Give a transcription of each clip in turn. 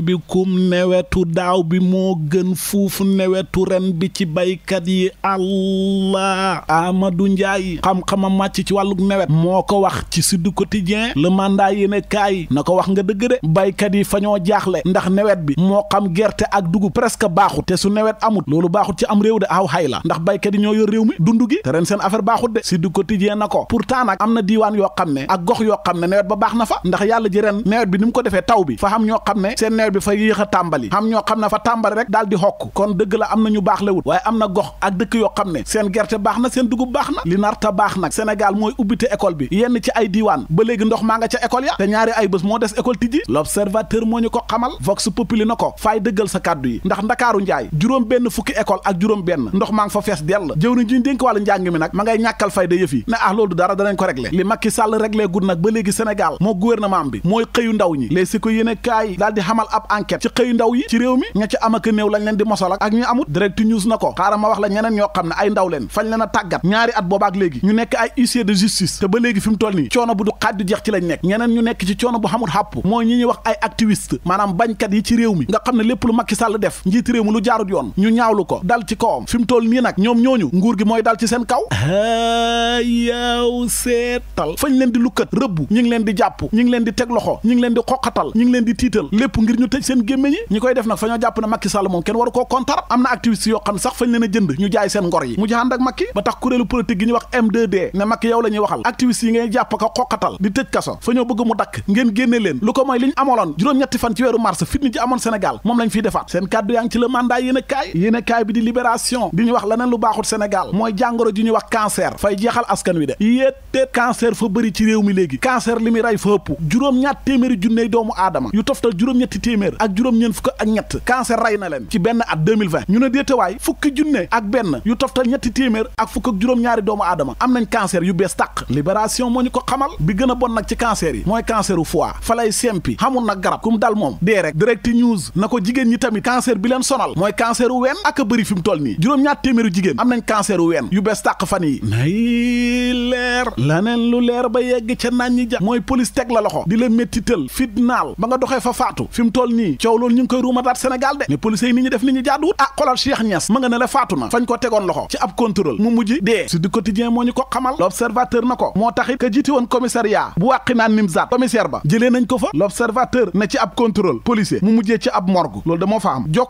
fàttalibikum newetu daaw bi moo gën fuufu newetu ren bi ci baykat yi allah Amadou Ndiaye xam-xama màcc ci wàllu newet moo ko wax ci Sud Quotidien le mandat yéene kaay na ko wax nga dëgg de baykat yi fa ñoo jaaxle ndax newet bi moo xam gerte ak dugub presque baaxut te su newet amut loolu baaxut ci am réew de aw xay la ndax baykat yi ñoo yor réew mi dund gi te ren seen affaire baaxut de Sud Quotidien na ko pour nag am na diiwaan yoo xam ne ak gox yoo xam ne ba baax na fa ndax yàlla ji ko defee taw bi affaire bi fa yéex a tàmbali xam ñoo xam ne fa tàmbali rek daal di xokk kon dëgg la am na ñu baax lewut waaye am na gox ak dëkk yoo xam ne seen gerte baax na seen dugub baax na li narta baax nag Sénégal mooy ubbite école bi yenn ci ay diiwaan ba léegi ndox maa nga ca école ya te ñaari ay bés moo des école tijji l'observateur moo ñu ko xamal vox populi na ko faay dëggal sa kàddu yi ndax ndakaaru njaay juróom benn fukki école ak juróom benn ndox maa ngi fa fees dell jëwriñ ji ñu dénk wàllu njàng mi nag ma ngay ñàkkal fayda yëf yi ne ah loolu dara danañ ko régler li ab enquête ci xëy ndaw yi ci réew mi ña ci am ak lañ leen di mosal ak ñu amut direct news na ko xaaral ma xam ne ay ndaw leen leen a tàggat ñaari at boobaak léegi ñu nekk ay huissier de justice te ba léegi fi mu toll nii coono bu du xaddu jeex ci lañ nekk ñeneen ñu nekk ci coono bu xamul xàpp mooy ñi ñuy wax ay activiste maanaam bañkat yi ci réew mi nga xam ne lépp lu Macky Sall def njiit réew mi lu jaarut yoon ñu ñaawlu ko dal ci kawam fi mu toll nii nag ñoom ñooñu nguur gi mooy dal ci seen kaw yaaw seetal fañ leen di lukkat rëbb ñu ngi leen di jàpp ñu ngi leen di teg loxo ñu ngi leen di xoqatal ñu ngi leen di tiital lépp ngir ñu tëj seen gémmiñ yi ñi koy def nag fa ñoo jàpp ne Macky Sall moom kenn waru koo kontar am na activiste yoo xam sax fañ leen a jënd ñu jaay seen ngor yi mu jaxand ak ba tax kuréelu politique gi ñuy wax M2D ne Macky yow la ñuy waxal activiste yi ngay jàpp ko xoqatal di tëj kaso fa ñoo bëgg mu dakk ngeen génne leen lu ko mooy li ñu amoloon juróom-ñetti fan ci weeru mars fitna ji amoon Sénégal moom lañ fiy defaat seen kàddu ci le mandat yéen a kaay a kaay bi di libération di ñu wax leneen mooy jàngoro ji ñuy wax cancer fay jeexal askan wi de yéttee cancer mi léegi cancer li muy rey fa ëpp juróom-ñaat téeméeri junney doomu aadama yu toftal juróom-ñetti téeméer ak juróom-ñeen fukk ak ñett cancer rey na leen ci benn at 2020 ñu ne déetawaay fukki junne ak benn yu toftal ñetti téeméer ak fukk ak juróom-ñaari doomu aadama am nañ cancer yu bees tàq libération moo ñu ko xamal bi gën a bon nag ci cancer yi mooy canceru foie falay sempi xamul nag garab kum dal moom dee rek direct news na ko jigéen ñi tamit cancer bi leen sonal mooy canceru ween ak a bëri fi mu toll nii juróom-ñaar téeméeru jigéen am nañ canceru ween yu bees tàq fan yi leer laneen lu leer ba yegg ca naan ñi ja mooy police teg la loxo di la méttital fitnaal ba nga doxee fa faatu fi mu toll nii coow loolu ñu ngi koy ruumataat Sénégal de mais police yi ni ñu def ni ñu jaaduwut ah xoolal Cheikh Niass ma nga ne la faatu na fañ ko tegoon loxo ci ab contrôle mu mujj dee su du quotidien moo ñu ko xamal l'observateur na ko moo taxit ka jiiti woon commissariat bu wàqi naan Nimzaat commissaire ba jëlee nañ ko fa l'observateur na ci ab contrôle policier mu mujjee ci ab morgue loolu da moo fa yoo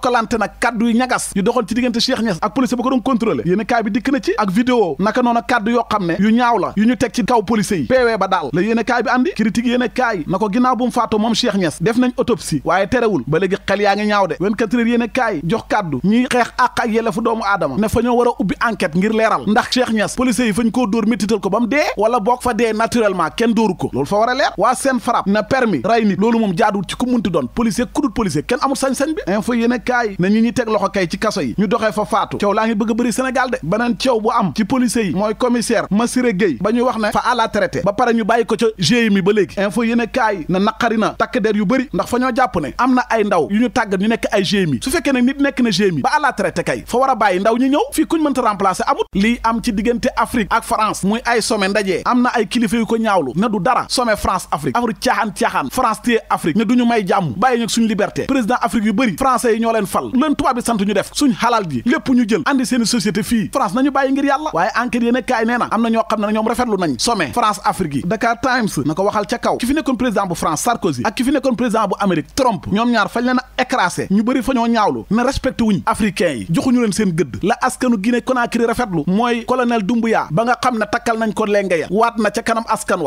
xam ne yu ñaaw la yu ñu teg ci kaw police yi PV ba daal la yéene kaay bi andi critique yéene kaay na ko ginnaaw bu mu faatu moom Cheikh Niass def nañ autopsie waaye terewul ba léegi xel yaa ngi ñaaw de 24 heures yéene kaay jox kàddu ñiy xeex àq ak yelleefu doomu aadama ne fa ñoo war ubbi enquête ngir leeral ndax Cheikh Niass police yi fañ koo dóor méttital ko ba mu dee wala boog fa dee naturellement kenn dóoru ko loolu fa war leer waa seen frapp na permis ray nit loolu moom jaaduwul ci ku munti doon policier kudut kenn amul sañ-sañ bi info yéene kaay na ñi ñi teg loxo kay ci yi ñu doxee fa faatu coow laa ngi bëgg a bëri Sénégal de beneen coow bu am ci policier yi mooy commissaire Massiré Gueye ba ñuy wax ne fa àla traité ba pare ñu bàyyi ko ca GMI ba léegi info yéen kaay na naqari na takk der yu bëri ndax fa ñoo jàpp ne am na ay ndaw ñu tàggat ñu nekk ay GMI su fekkee ne nit nekk na GMI ba àla traité kay fa war a bàyyi ndaw ñi ñëw fii kuñ mënta remplacer amut lii am ci diggante Afrique ak France muy ay sommet ndaje am na ay kilifa yu ko ñaawlu ne du dara sommet France Afrique Afrique caaxaan caaxaan France téye Afrique ne du ñu may jàmm rafetlu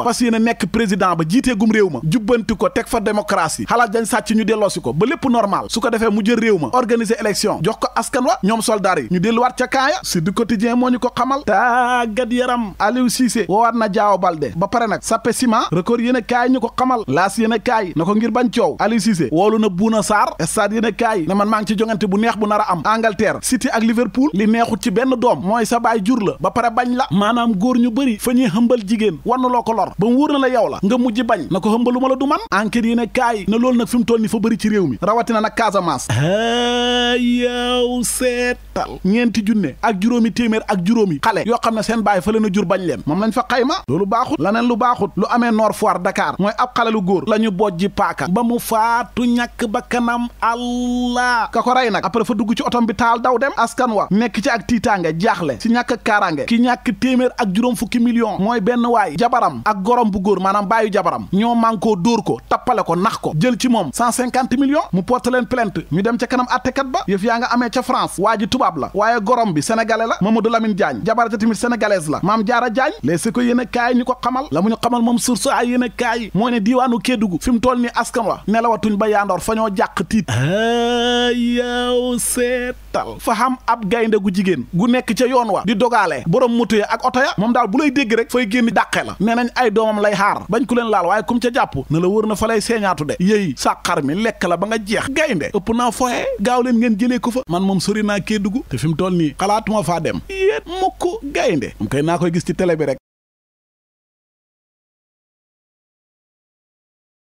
fas yéene nekk président ba jiitee gum réew ma jubbanti ko teg fa démocratie xalaat dañ sàcc ñu delloosi ko ba lépp normal su ko defee mu jël réew ma organiser élection jox ko askan wa ñoom soldaar yi ñu delluwaat ca kaaya si du quotidien moo ñu ko xamal tàggat yaram Aliou Cissé woowaat na Diao Baldé ba pare nag sappe ciment record yéen a kaay ñu ko xamal laas yéen a kaay na ko ngir bañ coow Aliou Cissé woolu na Bouna Sarr stade yéen a kaay ne man maa ngi ci jongante bu neex bu nar a am Angleterre City ak Liverpool li neexut ci benn doom mooy sa baay jur la ba pare bañ la maanaam góor ñu bëri fa ñuy hëmbal jigéen wann loo ko lor ba mu wóor na la yow la nga mujj bañ na ko hëmbalu ma la du man enquête yéen a kaay na loolu nag fi mu toll ni fa bëri ci réew mi rawatina nag Casamance yow seetal ñeenti junne ak juróomi téeméer ak juróomi xale yoo xam ne seen baay fa leen jur bañ leen nañ fa xayma loolu baaxut laneen lu baaxut lu amee Nord Foire Dakar mooy ab xale góor la ñu bojji paaka ba mu faatu ñàkk bakkanam allah ka ko rey nag après fa dugg ci otom bi taal daw dem askan wa nekk ci ak tiitaange jaaxle ci ñàkk kaaraange ki ñàkk téeméer ak juróom fukki million mooy benn waay jabaram ak gorom bu góor maanaam baayu jabaram ñoo mànkoo dóor ko tappale ko nax ko jël ci moom cent cinquante millions mu porte leen plainte ñu dem ca kanam attekat ba yëf yaa nga amee waaye gorom bi sénégalais la Mamadou Lamine Diagne jabar ca tamit sénégalaise la maam jaara Diagne les ko yéen a kaay ñu ko xamal la mu ñu xamal moom source ay yéen a kaay moo ne diiwaanu Kédougou fi mu toll ni askan wa nelawatuñ ba yaandoor fañoo ñoo jàq tiit ayaw seetal fa xam ab gaynde gu jigéen gu nekk ca yoon wa di dogaale borom moto ya ak oto ya moom daal bu lay dégg rek fooy génn dàqe la nee ay doomam lay xaar bañ ku leen laal waaye kum ca jàpp na la wër na fa lay seeñaatu de yéy sàqar mi lekk la ba nga jeex gaynde ëpp naa foxe gaaw leen ngeen jëlee ko fa man moom sori naa Kédougou te fi mu toll nii xalaatuma faa dem yéet mukk gaynde naa koy gis ci télé bi rek